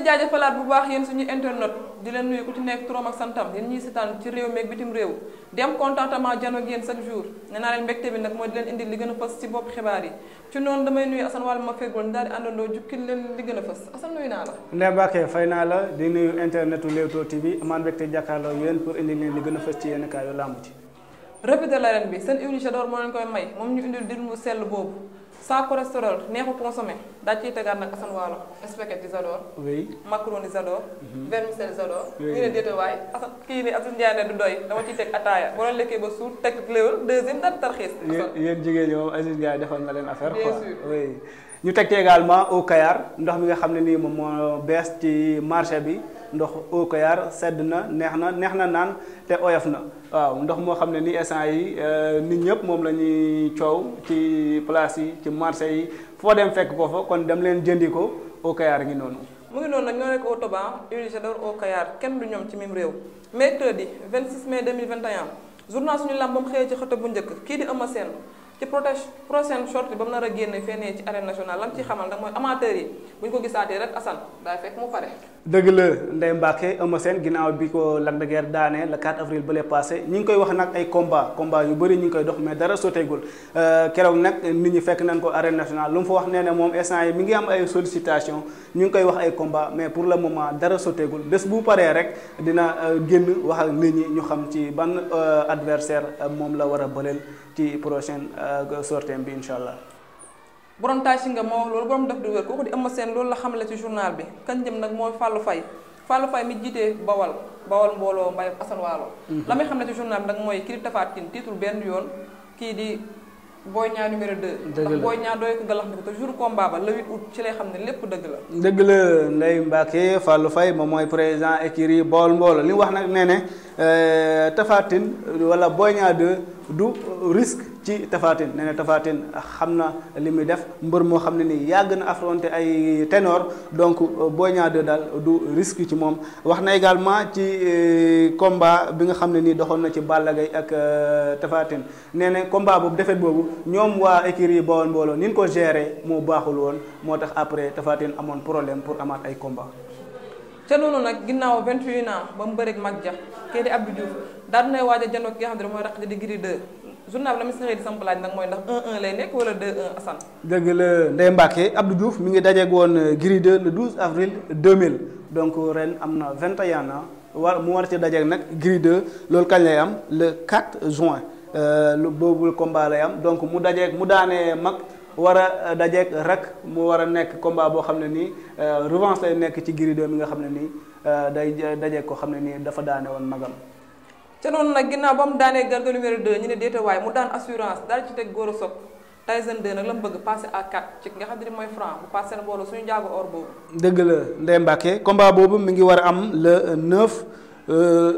di jaajëfalaat bu baax yéen suñu internet di leen nuyu ku ci nekk turam ak santam yéen ñuy seetaan ci réew meeg bitim réew di am contentement jano ci noonu damay nuyu Assane wàllu ma fegool ñu daal di àndandoo jukkil leen li gën a fës Assane nuyu naa la Ndeye Mbacke fay naa la di nuyu internetu Leewtoo TV amaan mbégte jàkkaarloo yéen pour indil leen li gën a fës ci yéen kaa yu làmb ci revue bi seen unisé d'or moo leen koy may moom ñu indil dir sa cholestérol neexu consommé daa ciy tegaat nag asan waalo spaghetti Isadore. oui macaroni Isadore. Mhm. vermicelle Isadore. oui ñu ne déete waay asan kii ni Assane Ndiaye ne du doy dama ciy teg ataaya boo lekkee ba suur teg léwal deuxième daan tarxiis. yéen yéen jigéen ñi moom Assane Ndiaye defal na leen affaire quoi. bien ñu teg te également au ndox mi nga xam ne nii moom moo bees ci marché bi. ndox au sedd na neex na neex na naan te oyof na waaw ndox moo xam ne ni instant yi euh, nit ñëpp moom la ñuy coow ci place yi ci marché yi foo dem fekk ko fa kon dem leen jëndi ko au Kayar ngi noonu. mu ngi noonu nag ñoo nekk au Toba Université au kenn du ñoom ci même réew mercredi 26 mai 2021 journal suñu làmb moom xëyee ci xoto bu njëkk kii di Eumeu Sène ci protège prochaine sortie ba mu nar a génne fenee ci arène nationale lam ci xamal nag mooy amateur yi bu ñu ko gisaatee rek asan daay fekk mu pare. dëgg la Ndeye Mbacke Eumeu ginnaaw bi ko Lac de Guiers daane le 4 avril ba le passé ñi ngi koy wax nag ay combat combat yu bëri ñi ngi koy dox mais dara sotteegul euh, keroog nag nit ñi fekk nañ ko arène nationale lu mu fa wax nee ne moom instant yi mi ngi am ay sollicitation ñu ngi koy wax ay combat mais pour le moment dara sotteegul bés bu paree rek dina euh, génn wax ak nit ñi ñu xam ci ban euh, adversaire moom la war a bëreel ci prochaine Euh, sorteem bi incha allah. borom taasi nga moo wax loolu borom def du wér kooku di Eumeu Sène loolu la xamle ci journal bi kan jëm nag mooy Fallou Faye Fallou Faye mi jiite Bawal Bawal mbooloo Mbaye Assane Waalo mhm. la may xamle ci journal bi nag mooy kii di Tapha Tine tiitul benn yoon kii di Boy Niang numéro 2. dëgg la ndax Boy Niang dëgg la. dëgg la Ndeye Mbacke Fallou Faye moom mooy président écurie Bawal mbooloo li wax nag nee ne euh, Tapha Boy Niang 2 du risque. ci Tafatine nee na xam na li muy def mbër moo xam ne nii yàgg na affronté ay ténor donc euh, Boy Niang daal du risque ci moom wax na également ci euh, combat bi nga xam ne nii doxoon na ci Balla ak euh, Tafatine nee na combat boobu défaite boobu ñoom waa écurie yi Bawol mbooloo ni ñu ko géré moo baaxul woon moo tax après Tafatine amoon problème pour amaat ay combat ca loolu nag ginnaaw 21 ans ba mu bëreeg mag ja kii di Abdou Diouf daal di nay waaj a journal bi la monsieur Rémy Samb laaj nag mooy ndax 1-1 lay nekk wala 2-1 Assane. dëgg la Ndeye Mbacke Abdou Diouf mi ngi dajeeg woon euh, Gris 2 le 12 avril 2000 donc euh, ren am na vingt ans war mu war ci dajeeg nag gride 2 loolu kañ lay am le 4 juin euh, lu boobu combat lay am donc mu dajeeg mu daanee mag. war a dajeeg rak mu war a nekk combat boo xam ne nii revanche lay nekk ci Gris mi nga xam ne nii day dajeeg ko xam ne nii dafa daane woon magam ca noonu nag ginaaw ba mu daanee garga numéro 2 ñu ne déeta waaye mu daan assurance daal ci teg góor a soog Tyson 2 nag la mu bëgg passé à 4 ci nga xam ne mooy franc bu passé na boolu suñu njaago or boobu. dëgg la Ndeye Mbacke combat boobu mi ngi war a am le 9 euh,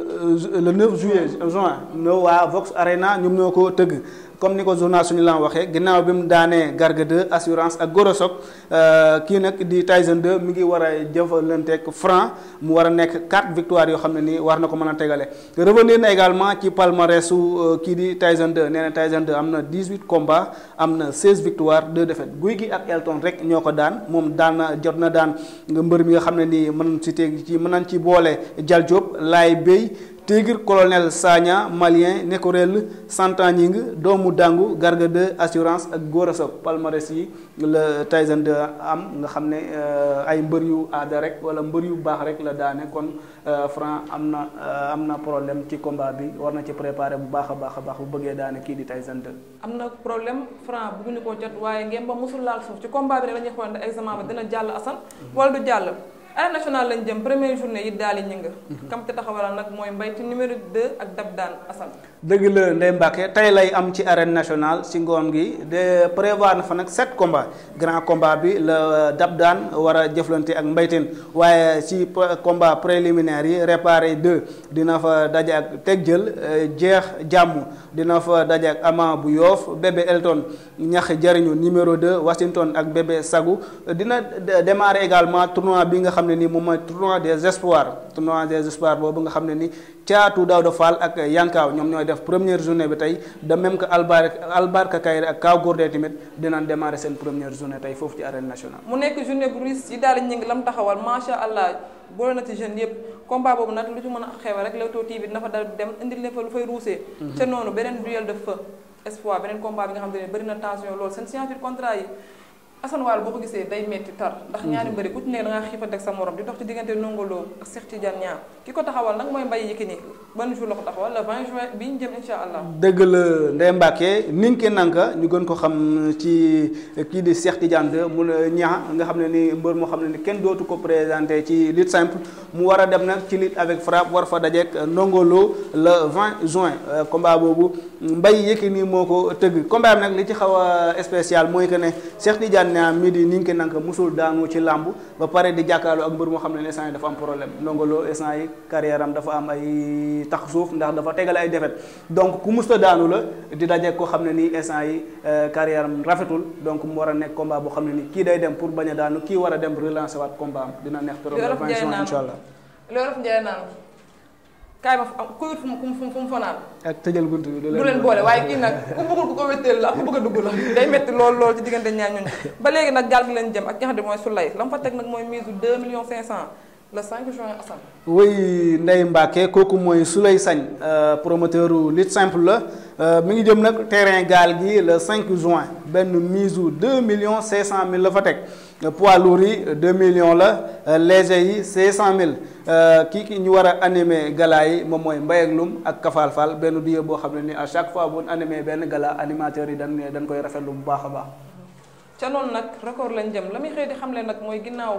euh, le 9 juillet juin no waa Vox Arena ñoom ñoo ko tëgg. comme ni ko journal suñu laa waxee ginnaaw bi mu daanee Garga 2 assurance ak Gorosok euh, kii nag di Tyson 2 mi ngi war a jëfalanteeg Franc mu war a nekk quatre victoires yoo xam ne nii war na ko mën a tegale revenir na également ci palmarèsu euh, kii di Tyson 2 nee na Tyson 2 am na 18 combats am na 16 victoires 2 défaites guy gi ak Elton rek ñoo ko daan moom daan jot na daan nga mbër mi nga xam ne nii mën ci teg ci mën nañ ci boole Jal Diop laay béy Tigre colonel Sagna malien Nécorel Santaning doomu Dangu Garga de assurance ak Gora Sock palmarès yi la Tyson de am nga xam ne euh, ay mbër yu aada rek wala mbër yu baax rek la daane kon euh, Franc am na euh, am na problème ci combat bi war na ci préparer bu baax a baax a baax bu bëggee daane kii di Tyson am na problème Franc bëgguñu koo jot waaye ngeen ba mosul laal suuf ci combat bi rek la ñuy xool examen ba dina jàll Assane wala du jàll. arène national lañ jëm première journée yi daal di ñëng. kam te taxawalal nag mooy mbayti numéro 2 ak dab daan Assane. dégg la Ndeye Mbacke tey lay am ci arène nationale ci ngoon gi de prévoir na fa nag sept combats grand combat bi la dab daan war a jëflante ak mbaytin waaye ci combat préliminaire yi réparé deux dina fa daje ak teg jël euh, jeex jàmm dina fa daje ak ama bu yoof bébé Elton ñax jariñu numéro 2 Washington ak bébé Sagu dina démarrer également tournoi bi nga xam ne ni moom mooy tournoi des espoirs tournoi des espoirs boobu nga xam ne ni caatu Daouda Fall ak Yankaaw def première journée bi tey de même que Albar Albarka Kayré ak Kaw Gourdin tamit dinañ démarrer seen première journée tey foofu ci arène nationale. mu nekk journée bu ruis yi daal ñu ngi lam taxawal macha allah boole na ci jeunes yëpp combat boobu nag lu ci mën a xew rek Leewtoo TV dina fa dal dem indil leen fa lu fay ruusee. Mhm. ca noonu beneen duel de feu espoir beneen combat bi nga xam ne bëri tension lool seen signature contrat yi. Assane Wall boo ko gisee day metti tar ndax ñaari mm-hmm. mbëri ku ci nekk da ngaa xiifanteeg sa morom di dox ci diggante Ndongo Lo ak Cheikh Tidiane ki ko taxawal nag mooy Mbaye Yékini ban jour la ko taxawal le 20 juin bi ñu dëgg la Ndeye Mbacke Ninki Nanka ñu gën ko xam ci kii di Cheikh Tidiane de mu ñaa nga xam ne ni mbër moo xam ne ni kenn dootu ko présenté ci lutte simple mu war a dem nag ci lutte avec frappe war fa dajeek Ndongo Lo le juin euh, combat boobu Mbaye Yékini moo ko tëgg combat nag li ci xaw a spécial mooy que ne Cheikh Tidiane na midi ni nga nanka musul daanu ci làmb ba pare di jàkkaarloo ak mbër moo xam ne instant yi dafa am problème ndongo loo instant yi carrière am dafa am ay tax suuf ndax dafa tegale ay defet donc ku musta daanu la di daje ko xam ne nii instant yi euh, carrière am rafetul donc mu war a nekk combat boo xam ne nii kii day dem pour bañ a daanu kii war a dem relancer waat combat am dina neex trop. incha allah loolu kaay ma am ku wut fu mu fu mu fanaan. ak tëjal bunt bi du leen. du leen boole waaye kii nag ku bëggul ku ko wétteel la ak ku bëgg a dugg la day metti lool lool ci diggante ñaar ñooñu ba léegi nag gaal gi la mu teg nag mooy mise 2 millions 500 le 5 juin Assane. oui Ndeye kooku mooy Soulay Sagne euh, promoteur lutte simple la. Euh, mi ngi jëm nag terrain gaal gi le 5 juin benn mise 2 millions 500 mille la fa teg. poids lourds yi deux millions la euh, léger yi 500 000 kii ki ñu war a animé gala yi moom mooy Mbaye ak ak Kafal Fall benn duo boo xam ne ni à chaque fois bu animé benn gala animateurs yi dañ dañ koy rafetlu bu baax a baax. ca noonu nag record lañ jëm la muy xëy di xamle nag mooy ginnaaw.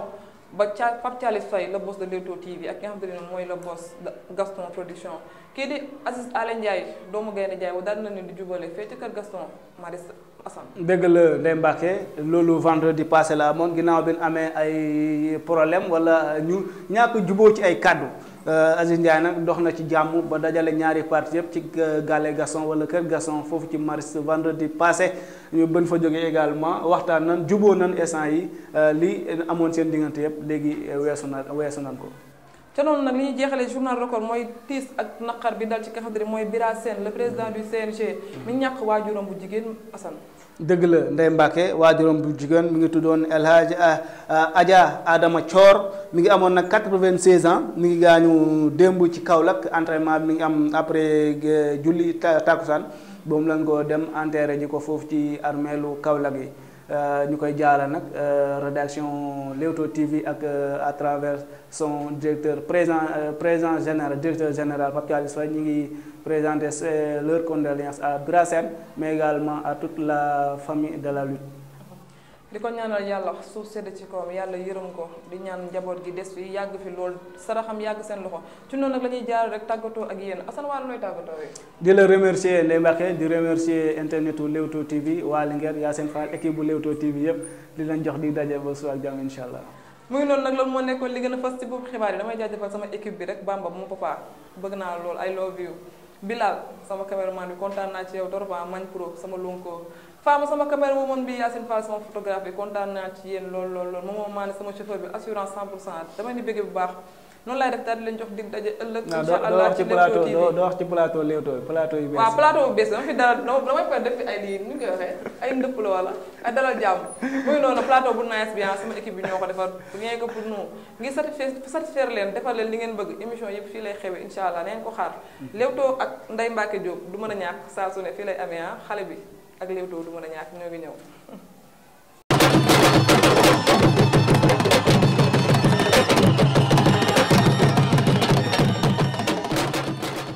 ba ca Pape Thialy Faye la boss de Leewtoo TV ak ki nga xamante mooy la boss Gaston production kii di Aziz Alen Ndiaye doomu gaynde Ndiaye daal na leen di jubale fee ci kër Gaston Maris Assane. dëgg la Ndeye Mbacke loolu vendredi passé la amoon ginnaaw bi ñu amee ay problème wala ñu ñàkk juboo ci ay kàddu. Euh, Aziz Ndiaye nag dox na ci jàmm ba dajale ñaari parti yëpp ci euh, gale Gasson wala kër Gasson foofu ci mars vendredi passé ñu bën fa jógee également waxtaan nan juboo nan essant yi euh, li amoon seen diggante yëpp léegi weesu na weesu nan ko ca noonu nag li ñu jeexalee journal record mooy tiis ak naqar bi dal ci nga xam ne mooy Bira Sène le président du CNG. Mm. mi ñàkk waajuram bu jigéen Assane dëgg la Ndeye Mbacke waajuram bu jigéen mi ngi tuddoon El Hadj ah, ah, Adja Adama Thior mi ngi amoon nag quatre-vingt-seize ans mu ngi gaañu démb ci Kaolack entraînement bi mi ngi am après julli takkusaan boobu lañ ko dem enterré ji ko foofu ci armeelu Kaolack yi. Euh, ñu koy jaala nag euh, rédaction Leewtoo TV ak euh, à travers son directeur président président général directeur général Pape Thialis Faye ñu ngi présenter leurs condoléances à Brassens mais également à toute la famille de la lutte di ko ñaanal yàlla suuf sedd ci kawam yàlla yërëm ko di ñaan njaboot gi des fi yàgg fi lool saraxam yàgg seen loxo ci noonu nag la ñuy jaar rek tàggatoo ak yéen Assane Waal looy tàggatoo yi di la remercier Ndeye Mbacke di remercier internetu Leewtoo TV waa Linguère Yacine Fall équipe bu Leewtoo TV yëpp di leen jox di daje ba suba ak jàmm incha allah. mu lool nag loolu moo nekkoon li gën a fas ci boobu xibaar yi damay jaajëfal sama équipe bi rek Bamba mu papa bëgg naa lool I love you Bilal sama cameraman bi kontaan naa ci yow Dorba ah, Mañ Pro sama lonko Fama sama caméra moomoon bi Yacine Fall sama photographe bi kontaan naa ci yéen lool lool lool moom moo maa ne sama chauffeur bi assurance 100 pour cent dama ni bëgg bu baax noonu laay def daal leen jox dig daje doo wax ci plateau Leewtoo plateau bees waaw plateau bu bees dama fi dalal damay koy def fi ay lii nu ñu waxee ay ndëpp la wala ay dalal jàmm muy noonu plateau bu nice bi ah, sama équipe bi ñoo ko defar rien que pour leen defar leen li ngeen bëgg émission yëpp fii lay xewe incha allah neen ko xaar Leewtoo ak Ndeye Mbacke a ñàkk saa su ne fii lay amee ah, xale bi ak Leewtoo du mën a ñàkk ñoo gi ñëw